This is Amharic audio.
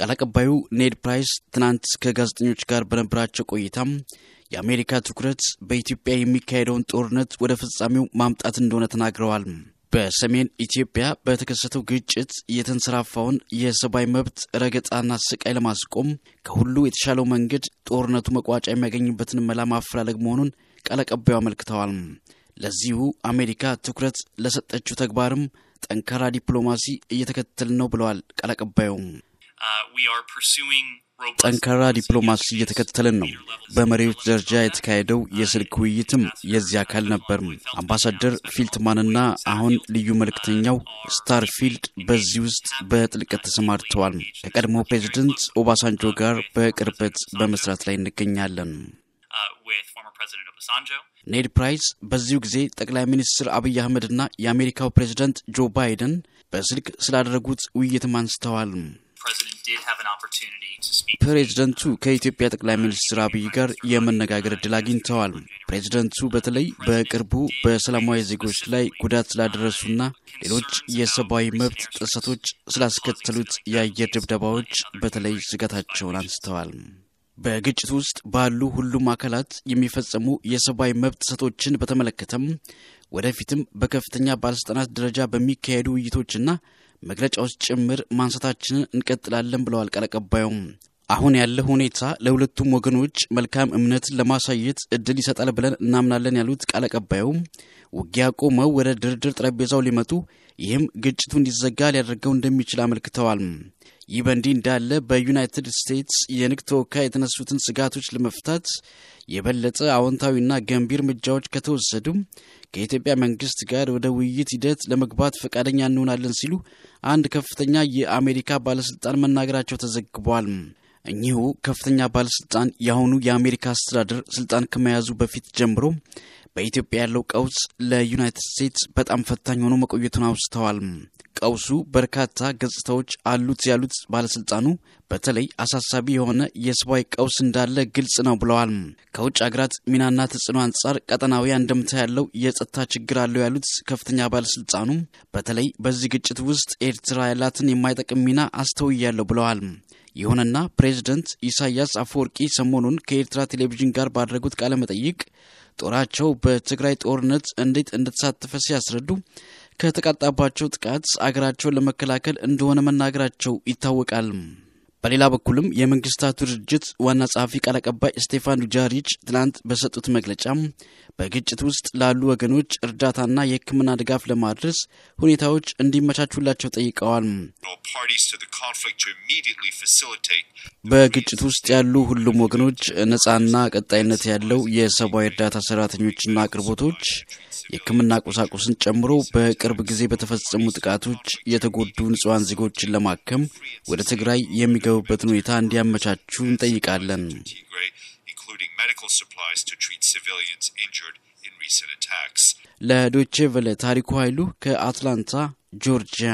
ቃል አቀባዩ ኔድ ፕራይስ ትናንት ከጋዜጠኞች ጋር በነበራቸው ቆይታም የአሜሪካ ትኩረት በኢትዮጵያ የሚካሄደውን ጦርነት ወደ ፍጻሜው ማምጣት እንደሆነ ተናግረዋል። በሰሜን ኢትዮጵያ በተከሰተው ግጭት የተንሰራፋውን የሰብአዊ መብት ረገጣና ስቃይ ለማስቆም ከሁሉ የተሻለው መንገድ ጦርነቱ መቋጫ የሚያገኝበትን መላ ማፈላለግ መሆኑን ቃል አቀባዩ አመልክተዋል። ለዚሁ አሜሪካ ትኩረት ለሰጠችው ተግባርም ጠንካራ ዲፕሎማሲ እየተከተል ነው ብለዋል ቃል Uh, ጠንካራ ዲፕሎማሲ እየተከተልን ነው። በመሪዎች ደረጃ የተካሄደው የስልክ ውይይትም የዚህ አካል ነበርም። አምባሳደር ፊልትማንና አሁን ልዩ መልእክተኛው ስታርፊልድ በዚህ ውስጥ በጥልቀት ተሰማርተዋል። ከቀድሞ ፕሬዚደንት ኦባሳንጆ ጋር በቅርበት በመስራት ላይ እንገኛለን። uh, ኔድ ፕራይስ በዚሁ ጊዜ ጠቅላይ ሚኒስትር አብይ አህመድና የአሜሪካው ፕሬዚደንት ጆ ባይደን በስልክ ስላደረጉት ውይይትም አንስተዋል። ፕሬዝደንቱ ከኢትዮጵያ ጠቅላይ ሚኒስትር አብይ ጋር የመነጋገር እድል አግኝተዋል። ፕሬዝደንቱ በተለይ በቅርቡ በሰላማዊ ዜጎች ላይ ጉዳት ስላደረሱና ሌሎች የሰብአዊ መብት ጥሰቶች ስላስከተሉት የአየር ድብደባዎች በተለይ ስጋታቸውን አንስተዋል። በግጭት ውስጥ ባሉ ሁሉም አካላት የሚፈጸሙ የሰብአዊ መብት ጥሰቶችን በተመለከተም ወደፊትም በከፍተኛ ባለስልጣናት ደረጃ በሚካሄዱ ውይይቶችና መግለጫዎች ጭምር ማንሳታችንን እንቀጥላለን ብለዋል ቃል አቀባዩም። አሁን ያለ ሁኔታ ለሁለቱም ወገኖች መልካም እምነትን ለማሳየት እድል ይሰጣል ብለን እናምናለን ያሉት ቃል አቀባዩም ውጊያ ቆመው ወደ ድርድር ጠረጴዛው ሊመጡ ይህም ግጭቱ እንዲዘጋ ሊያደርገው እንደሚችል አመልክተዋል። ይህ በእንዲህ እንዳለ በዩናይትድ ስቴትስ የንግድ ተወካይ የተነሱትን ስጋቶች ለመፍታት የበለጠ አዎንታዊና ገንቢ እርምጃዎች ከተወሰዱ ከኢትዮጵያ መንግስት ጋር ወደ ውይይት ሂደት ለመግባት ፈቃደኛ እንሆናለን ሲሉ አንድ ከፍተኛ የአሜሪካ ባለስልጣን መናገራቸው ተዘግቧል። እኚሁ ከፍተኛ ባለስልጣን የአሁኑ የአሜሪካ አስተዳደር ስልጣን ከመያዙ በፊት ጀምሮ በኢትዮጵያ ያለው ቀውስ ለዩናይትድ ስቴትስ በጣም ፈታኝ ሆኖ መቆየቱን አውስተዋል። ቀውሱ በርካታ ገጽታዎች አሉት ያሉት ባለስልጣኑ በተለይ አሳሳቢ የሆነ የሰብአዊ ቀውስ እንዳለ ግልጽ ነው ብለዋል። ከውጭ ሀገራት ሚናና ተጽዕኖ አንጻር ቀጠናዊ አንድምታ ያለው የጸጥታ ችግር አለው ያሉት ከፍተኛ ባለስልጣኑ በተለይ በዚህ ግጭት ውስጥ ኤርትራ ያላትን የማይጠቅም ሚና አስተውያለሁ ብለዋል። ይሁንና ፕሬዝደንት ኢሳያስ አፈወርቂ ሰሞኑን ከኤርትራ ቴሌቪዥን ጋር ባደረጉት ቃለ መጠይቅ ጦራቸው በትግራይ ጦርነት እንዴት እንደተሳተፈ ሲያስረዱ ከተቃጣባቸው ጥቃት አገራቸውን ለመከላከል እንደሆነ መናገራቸው ይታወቃል። በሌላ በኩልም የመንግስታቱ ድርጅት ዋና ጸሐፊ ቃል አቀባይ ስቴፋን ዱጃሪች ትናንት በሰጡት መግለጫ በግጭት ውስጥ ላሉ ወገኖች እርዳታና የሕክምና ድጋፍ ለማድረስ ሁኔታዎች እንዲመቻቹላቸው ጠይቀዋል። በግጭት ውስጥ ያሉ ሁሉም ወገኖች ነፃና ቀጣይነት ያለው የሰብአዊ እርዳታ ሰራተኞችና አቅርቦቶች የሕክምና ቁሳቁስን ጨምሮ በቅርብ ጊዜ በተፈጸሙ ጥቃቶች የተጎዱ ንጹሐን ዜጎችን ለማከም ወደ ትግራይ የሚገቡ ያለሁበትን ሁኔታ እንዲያመቻቹ እንጠይቃለን። ለዶቼ ቨለ ታሪኩ ኃይሉ ከአትላንታ ጆርጂያ